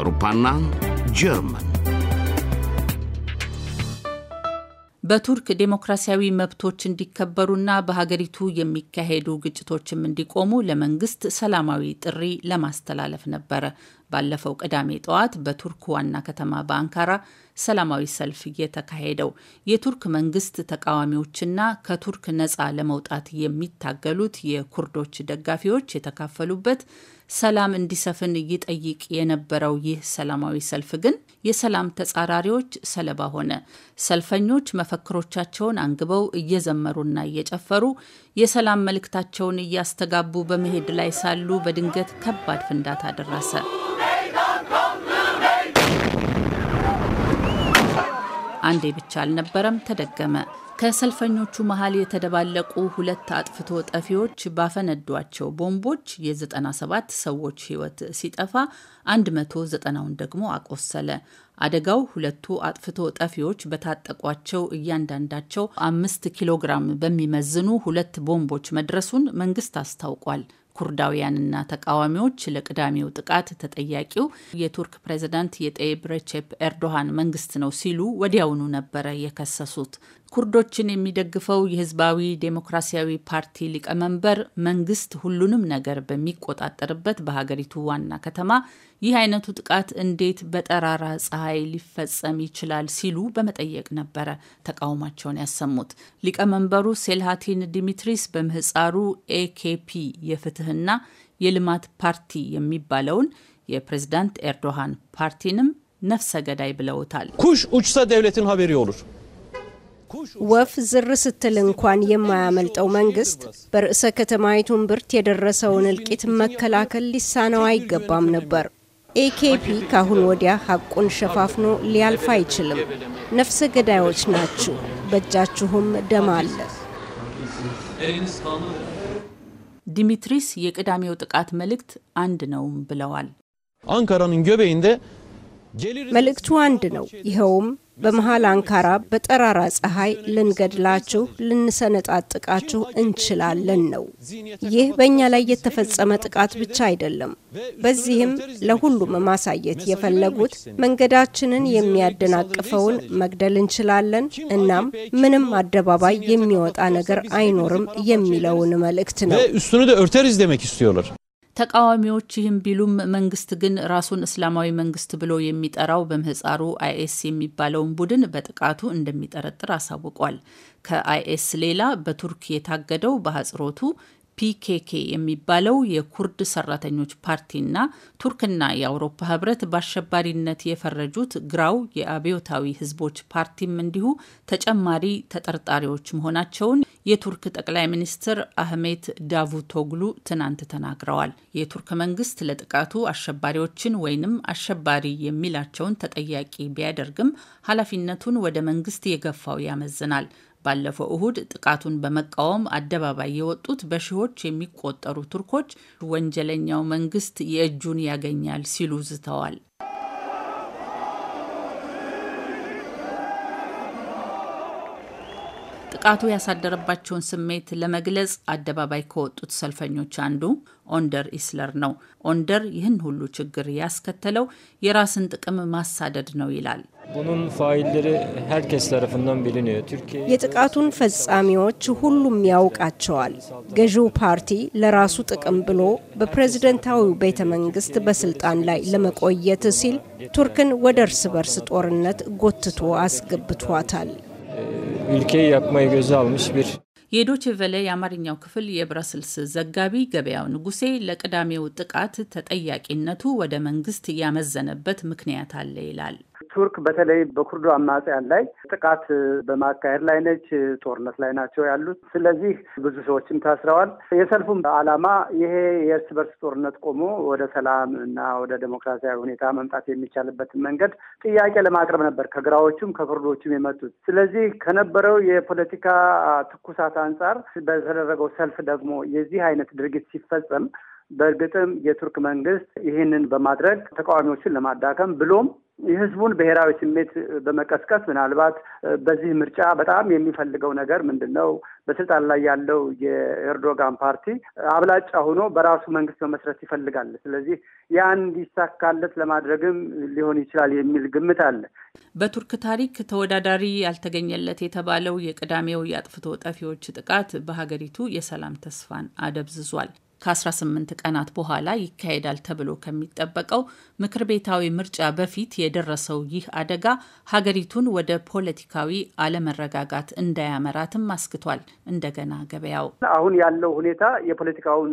አውሮፓና ጀርመን በቱርክ ዴሞክራሲያዊ መብቶች እንዲከበሩና በሀገሪቱ የሚካሄዱ ግጭቶችም እንዲቆሙ ለመንግስት ሰላማዊ ጥሪ ለማስተላለፍ ነበረ ባለፈው ቅዳሜ ጠዋት በቱርክ ዋና ከተማ በአንካራ ሰላማዊ ሰልፍ የተካሄደው የቱርክ መንግስት ተቃዋሚዎችና ከቱርክ ነፃ ለመውጣት የሚታገሉት የኩርዶች ደጋፊዎች የተካፈሉበት ሰላም እንዲሰፍን ይጠይቅ የነበረው ይህ ሰላማዊ ሰልፍ ግን የሰላም ተጻራሪዎች ሰለባ ሆነ። ሰልፈኞች መፈክሮቻቸውን አንግበው እየዘመሩና እየጨፈሩ የሰላም መልእክታቸውን እያስተጋቡ በመሄድ ላይ ሳሉ በድንገት ከባድ ፍንዳታ ደረሰ። አንዴ ብቻ አልነበረም፣ ተደገመ። ከሰልፈኞቹ መሀል የተደባለቁ ሁለት አጥፍቶ ጠፊዎች ባፈነዷቸው ቦምቦች የ97 ሰዎች ሕይወት ሲጠፋ 190ውን ደግሞ አቆሰለ። አደጋው ሁለቱ አጥፍቶ ጠፊዎች በታጠቋቸው እያንዳንዳቸው አምስት ኪሎ ግራም በሚመዝኑ ሁለት ቦምቦች መድረሱን መንግስት አስታውቋል። ኩርዳውያንና ተቃዋሚዎች ለቅዳሜው ጥቃት ተጠያቂው የቱርክ ፕሬዝዳንት የጠይብ ረቼፕ ኤርዶሃን መንግስት ነው ሲሉ ወዲያውኑ ነበረ የከሰሱት። ኩርዶችን የሚደግፈው የህዝባዊ ዴሞክራሲያዊ ፓርቲ ሊቀመንበር መንግስት ሁሉንም ነገር በሚቆጣጠርበት በሀገሪቱ ዋና ከተማ ይህ አይነቱ ጥቃት እንዴት በጠራራ ፀሐይ ሊፈጸም ይችላል ሲሉ በመጠየቅ ነበረ ተቃውሟቸውን ያሰሙት። ሊቀመንበሩ ሴልሃቲን ዲሚትሪስ በምህፃሩ ኤኬፒ የፍትህና የልማት ፓርቲ የሚባለውን የፕሬዝዳንት ኤርዶሃን ፓርቲንም ነፍሰ ገዳይ ብለውታል። ኩሽ ኡችሳ ደብለትን ሀቤሪ olur ወፍ ዝር ስትል እንኳን የማያመልጠው መንግስት በርዕሰ ከተማይቱን ብርት የደረሰውን እልቂት መከላከል ሊሳነው አይገባም ነበር። ኤኬፒ ካሁን ወዲያ ሀቁን ሸፋፍኖ ሊያልፍ አይችልም። ነፍሰ ገዳዮች ናችሁ፣ በእጃችሁም ደም አለ። ዲሚትሪስ የቅዳሜው ጥቃት መልእክት አንድ ነው ብለዋል። አንካራን መልእክቱ አንድ ነው። ይኸውም በመሀል አንካራ በጠራራ ፀሐይ ልንገድላችሁ፣ ልንሰነጣጥቃችሁ እንችላለን ነው። ይህ በእኛ ላይ የተፈጸመ ጥቃት ብቻ አይደለም። በዚህም ለሁሉም ማሳየት የፈለጉት መንገዳችንን የሚያደናቅፈውን መግደል እንችላለን፣ እናም ምንም አደባባይ የሚወጣ ነገር አይኖርም የሚለውን መልእክት ነው። ተቃዋሚዎች ይህም ቢሉም መንግስት ግን ራሱን እስላማዊ መንግስት ብሎ የሚጠራው በምህፃሩ አይኤስ የሚባለውን ቡድን በጥቃቱ እንደሚጠረጥር አሳውቋል። ከአይኤስ ሌላ በቱርክ የታገደው በአጽሮቱ ፒኬኬ የሚባለው የኩርድ ሰራተኞች ፓርቲና ቱርክና የአውሮፓ ህብረት በአሸባሪነት የፈረጁት ግራው የአብዮታዊ ህዝቦች ፓርቲም እንዲሁ ተጨማሪ ተጠርጣሪዎች መሆናቸውን የቱርክ ጠቅላይ ሚኒስትር አህሜት ዳቩቶግሉ ትናንት ተናግረዋል። የቱርክ መንግስት ለጥቃቱ አሸባሪዎችን ወይንም አሸባሪ የሚላቸውን ተጠያቂ ቢያደርግም ኃላፊነቱን ወደ መንግስት የገፋው ያመዝናል። ባለፈው እሁድ ጥቃቱን በመቃወም አደባባይ የወጡት በሺዎች የሚቆጠሩ ቱርኮች ወንጀለኛው መንግስት የእጁን ያገኛል ሲሉ ዝተዋል። ጥቃቱ ያሳደረባቸውን ስሜት ለመግለጽ አደባባይ ከወጡት ሰልፈኞች አንዱ ኦንደር ኢስለር ነው። ኦንደር ይህን ሁሉ ችግር ያስከተለው የራስን ጥቅም ማሳደድ ነው ይላል። የጥቃቱን ፈጻሚዎች ሁሉም ያውቃቸዋል። ገዢው ፓርቲ ለራሱ ጥቅም ብሎ በፕሬዝደንታዊው ቤተ መንግስት በስልጣን ላይ ለመቆየት ሲል ቱርክን ወደ እርስ በርስ ጦርነት ጎትቶ አስገብቷታል። ülkeyi yapmayı göze almış bir ቨለ የአማርኛው ክፍል የብራስልስ ዘጋቢ ገበያው ንጉሴ ለቅዳሜው ጥቃት ተጠያቂነቱ ወደ መንግስት ያመዘነበት ምክንያት አለ ይላል። ቱርክ በተለይ በኩርዶ አማጽያን ላይ ጥቃት በማካሄድ ላይ ነች። ጦርነት ላይ ናቸው ያሉት። ስለዚህ ብዙ ሰዎችም ታስረዋል። የሰልፉም ዓላማ ይሄ የእርስ በርስ ጦርነት ቆሞ ወደ ሰላም እና ወደ ዴሞክራሲያዊ ሁኔታ መምጣት የሚቻልበትን መንገድ ጥያቄ ለማቅረብ ነበር ከግራዎቹም ከኩርዶቹም የመጡት። ስለዚህ ከነበረው የፖለቲካ ትኩሳት አንጻር በተደረገው ሰልፍ ደግሞ የዚህ አይነት ድርጊት ሲፈጸም በእርግጥም የቱርክ መንግስት ይህንን በማድረግ ተቃዋሚዎችን ለማዳከም ብሎም የህዝቡን ብሔራዊ ስሜት በመቀስቀስ ምናልባት በዚህ ምርጫ በጣም የሚፈልገው ነገር ምንድን ነው? በስልጣን ላይ ያለው የኤርዶጋን ፓርቲ አብላጫ ሆኖ በራሱ መንግስት መመስረት ይፈልጋል። ስለዚህ ያ እንዲሳካለት ለማድረግም ሊሆን ይችላል የሚል ግምት አለ። በቱርክ ታሪክ ተወዳዳሪ ያልተገኘለት የተባለው የቅዳሜው የአጥፍቶ ጠፊዎች ጥቃት በሀገሪቱ የሰላም ተስፋን አደብዝዟል። ከ18 ቀናት በኋላ ይካሄዳል ተብሎ ከሚጠበቀው ምክር ቤታዊ ምርጫ በፊት የደረሰው ይህ አደጋ ሀገሪቱን ወደ ፖለቲካዊ አለመረጋጋት እንዳያመራትም አስክቷል። እንደገና ገበያው አሁን ያለው ሁኔታ የፖለቲካውን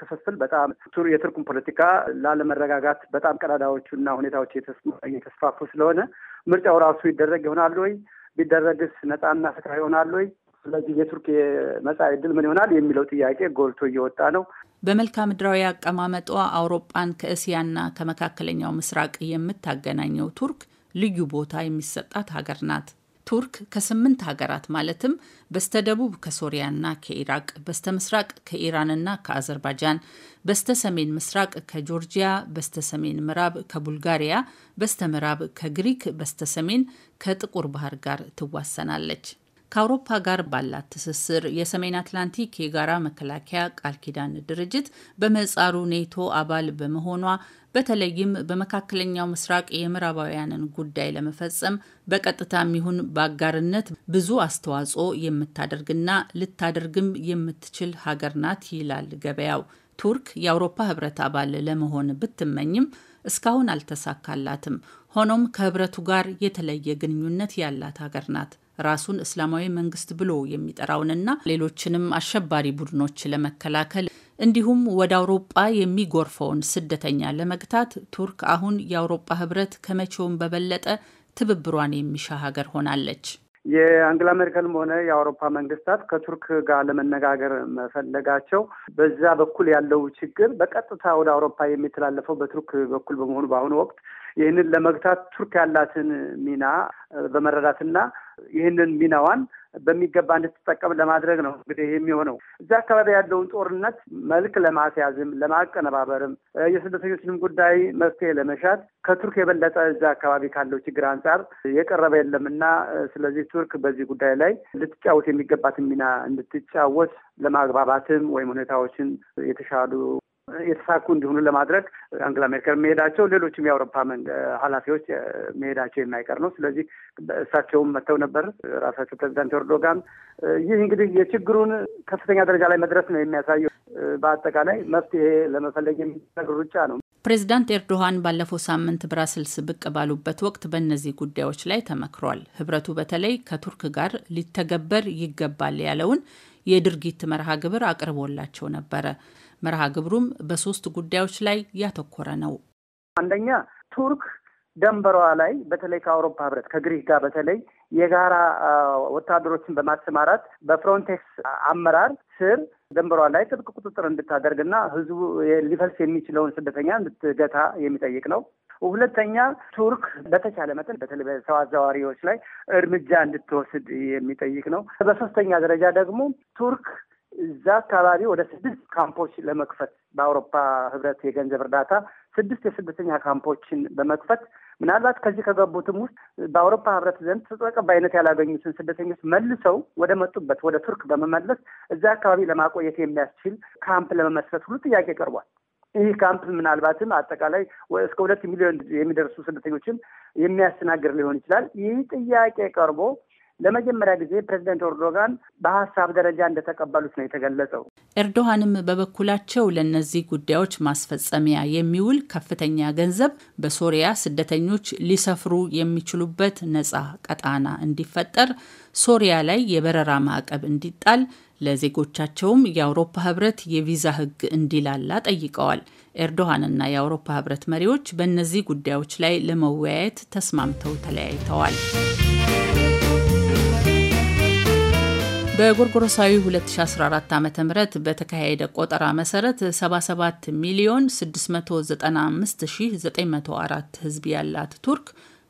ክፍፍል በጣም የቱርኩን ፖለቲካ ላለመረጋጋት በጣም ቀዳዳዎቹና ሁኔታዎች የተስፋፉ ስለሆነ ምርጫው ራሱ ይደረግ ይሆናል ወይ? ቢደረግስ ነፃና ፍትሃዊ ይሆናል ወይ? ስለዚህ የቱርክ የመጻኢ ዕድል ምን ይሆናል የሚለው ጥያቄ ጎልቶ እየወጣ ነው። በመልክዓ ምድራዊ አቀማመጧ አውሮፓን ከእስያና ከመካከለኛው ምስራቅ የምታገናኘው ቱርክ ልዩ ቦታ የሚሰጣት ሀገር ናት። ቱርክ ከስምንት ሀገራት ማለትም በስተደቡብ ከሶሪያና ከኢራቅ፣ በስተ ምስራቅ ከኢራንና ከአዘርባጃን፣ በስተ ሰሜን ምስራቅ ከጆርጂያ፣ በስተ ሰሜን ምዕራብ ከቡልጋሪያ፣ በስተ ምዕራብ ከግሪክ፣ በስተ ሰሜን ከጥቁር ባህር ጋር ትዋሰናለች። ከአውሮፓ ጋር ባላት ትስስር የሰሜን አትላንቲክ የጋራ መከላከያ ቃል ኪዳን ድርጅት በምህጻሩ ኔቶ አባል በመሆኗ በተለይም በመካከለኛው ምስራቅ የምዕራባውያንን ጉዳይ ለመፈጸም በቀጥታም ይሁን በአጋርነት ብዙ አስተዋጽኦ የምታደርግና ልታደርግም የምትችል ሀገር ናት ይላል ገበያው። ቱርክ የአውሮፓ ህብረት አባል ለመሆን ብትመኝም እስካሁን አልተሳካላትም። ሆኖም ከህብረቱ ጋር የተለየ ግንኙነት ያላት ሀገር ናት። ራሱን እስላማዊ መንግስት ብሎ የሚጠራውንና ሌሎችንም አሸባሪ ቡድኖች ለመከላከል እንዲሁም ወደ አውሮጳ የሚጎርፈውን ስደተኛ ለመግታት ቱርክ አሁን የአውሮጳ ህብረት ከመቼውም በበለጠ ትብብሯን የሚሻ ሀገር ሆናለች። የአንግላ ሜርከልም ሆነ የአውሮፓ መንግስታት ከቱርክ ጋር ለመነጋገር መፈለጋቸው በዛ በኩል ያለው ችግር በቀጥታ ወደ አውሮፓ የሚተላለፈው በቱርክ በኩል በመሆኑ በአሁኑ ወቅት ይህንን ለመግታት ቱርክ ያላትን ሚና በመረዳትና ይህንን ሚናዋን በሚገባ እንድትጠቀም ለማድረግ ነው እንግዲህ የሚሆነው። እዚያ አካባቢ ያለውን ጦርነት መልክ ለማስያዝም ለማቀነባበርም የስደተኞችንም ጉዳይ መፍትሄ ለመሻት ከቱርክ የበለጠ እዚያ አካባቢ ካለው ችግር አንጻር የቀረበ እና ስለዚህ ቱርክ በዚህ ጉዳይ ላይ ልትጫወት የሚገባትን ሚና እንድትጫወት ለማግባባትም ወይም ሁኔታዎችን የተሻሉ የተሳኩ እንዲሆኑ ለማድረግ አንግላ ሜርከል መሄዳቸው፣ ሌሎችም የአውሮፓ ኃላፊዎች መሄዳቸው የማይቀር ነው። ስለዚህ እሳቸውም መጥተው ነበር፣ ራሳቸው ፕሬዚዳንት ኤርዶጋን። ይህ እንግዲህ የችግሩን ከፍተኛ ደረጃ ላይ መድረስ ነው የሚያሳየው። በአጠቃላይ መፍትሄ ለመፈለግ የሚደረግ ሩጫ ነው። ፕሬዚዳንት ኤርዶሃን ባለፈው ሳምንት ብራስልስ ብቅ ባሉበት ወቅት በእነዚህ ጉዳዮች ላይ ተመክሯል። ህብረቱ በተለይ ከቱርክ ጋር ሊተገበር ይገባል ያለውን የድርጊት መርሃ ግብር አቅርቦላቸው ነበረ። መርሃ ግብሩም በሶስት ጉዳዮች ላይ ያተኮረ ነው። አንደኛ ቱርክ ደንበሯ ላይ በተለይ ከአውሮፓ ህብረት ከግሪክ ጋር በተለይ የጋራ ወታደሮችን በማሰማራት በፍሮንቴክስ አመራር ስር ደንበሯ ላይ ጥብቅ ቁጥጥር እንድታደርግና ህዝቡ ሊፈልስ የሚችለውን ስደተኛ እንድትገታ የሚጠይቅ ነው። ሁለተኛ ቱርክ በተቻለ መጠን በተለይ በሰው አዘዋዋሪዎች ላይ እርምጃ እንድትወስድ የሚጠይቅ ነው። በሶስተኛ ደረጃ ደግሞ ቱርክ እዛ አካባቢ ወደ ስድስት ካምፖች ለመክፈት በአውሮፓ ህብረት የገንዘብ እርዳታ ስድስት የስደተኛ ካምፖችን በመክፈት ምናልባት ከዚህ ከገቡትም ውስጥ በአውሮፓ ህብረት ዘንድ ተቀባይነት ያላገኙትን ስደተኞች መልሰው ወደ መጡበት ወደ ቱርክ በመመለስ እዛ አካባቢ ለማቆየት የሚያስችል ካምፕ ለመመስረት ሁሉ ጥያቄ ቀርቧል። ይህ ካምፕ ምናልባትም አጠቃላይ እስከ ሁለት ሚሊዮን የሚደርሱ ስደተኞችን የሚያስተናግድ ሊሆን ይችላል። ይህ ጥያቄ ቀርቦ ለመጀመሪያ ጊዜ ፕሬዚደንት ኤርዶጋን በሀሳብ ደረጃ እንደተቀበሉት ነው የተገለጸው። ኤርዶሃንም በበኩላቸው ለእነዚህ ጉዳዮች ማስፈጸሚያ የሚውል ከፍተኛ ገንዘብ በሶሪያ ስደተኞች ሊሰፍሩ የሚችሉበት ነጻ ቀጣና እንዲፈጠር፣ ሶሪያ ላይ የበረራ ማዕቀብ እንዲጣል፣ ለዜጎቻቸውም የአውሮፓ ህብረት የቪዛ ህግ እንዲላላ ጠይቀዋል። ኤርዶሃንና የአውሮፓ ህብረት መሪዎች በእነዚህ ጉዳዮች ላይ ለመወያየት ተስማምተው ተለያይተዋል። በጎርጎሮሳዊ 2014 ዓ ም በተካሄደ ቆጠራ መሰረት 77 ሚሊዮን 695904 ህዝብ ያላት ቱርክ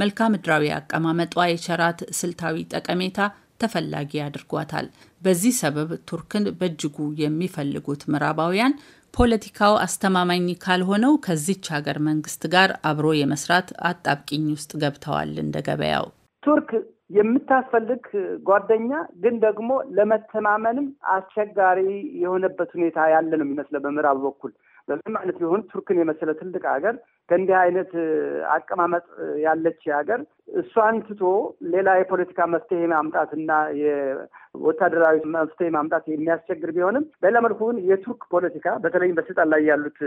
መልክዓ ምድራዊ አቀማመጧ የቸራት ስልታዊ ጠቀሜታ ተፈላጊ አድርጓታል። በዚህ ሰበብ ቱርክን በእጅጉ የሚፈልጉት ምዕራባውያን ፖለቲካው አስተማማኝ ካልሆነው ከዚች ሀገር መንግስት ጋር አብሮ የመስራት አጣብቂኝ ውስጥ ገብተዋል። እንደ ገበያው ቱርክ የምታስፈልግ ጓደኛ ግን ደግሞ ለመተማመንም አስቸጋሪ የሆነበት ሁኔታ ያለ ነው የሚመስለው በምዕራብ በኩል በምንም አይነት ቢሆን ቱርክን የመሰለ ትልቅ ሀገር ከእንዲህ አይነት አቀማመጥ ያለች ሀገር እሷን ትቶ ሌላ የፖለቲካ መፍትሄ ማምጣትና የወታደራዊ መፍትሄ ማምጣት የሚያስቸግር ቢሆንም በሌላ መልኩ ግን የቱርክ ፖለቲካ በተለይም በስልጣን ላይ ያሉት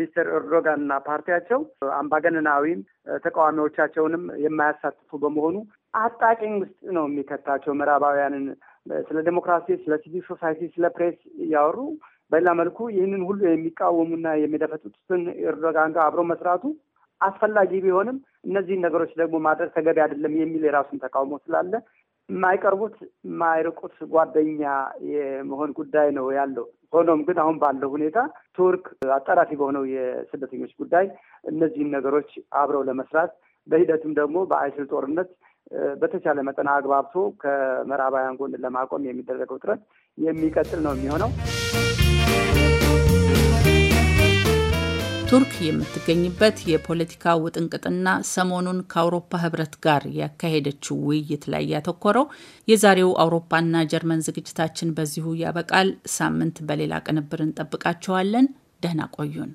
ሚስተር ኤርዶጋንና ፓርቲያቸው አምባገነናዊም ተቃዋሚዎቻቸውንም የማያሳትፉ በመሆኑ አጣቂኝ ውስጥ ነው የሚከታቸው ምዕራባውያንን ስለ ዴሞክራሲ፣ ስለ ሲቪል ሶሳይቲ፣ ስለ ፕሬስ እያወሩ በሌላ መልኩ ይህንን ሁሉ የሚቃወሙና የሚደፈጡትን ኤርዶጋን ጋር አብሮ መስራቱ አስፈላጊ ቢሆንም እነዚህን ነገሮች ደግሞ ማድረግ ተገቢ አይደለም የሚል የራሱን ተቃውሞ ስላለ የማይቀርቡት የማይርቁት ጓደኛ የመሆን ጉዳይ ነው ያለው። ሆኖም ግን አሁን ባለው ሁኔታ ቱርክ አጣራፊ በሆነው የስደተኞች ጉዳይ እነዚህን ነገሮች አብረው ለመስራት በሂደቱም ደግሞ በአይስል ጦርነት በተቻለ መጠን አግባብቶ ከምዕራባውያን ጎን ለማቆም የሚደረገው ጥረት የሚቀጥል ነው የሚሆነው። ቱርክ የምትገኝበት የፖለቲካ ውጥንቅጥና ሰሞኑን ከአውሮፓ ህብረት ጋር ያካሄደችው ውይይት ላይ ያተኮረው የዛሬው አውሮፓና ጀርመን ዝግጅታችን በዚሁ ያበቃል። ሳምንት በሌላ ቅንብር እንጠብቃቸዋለን። ደህና ቆዩን።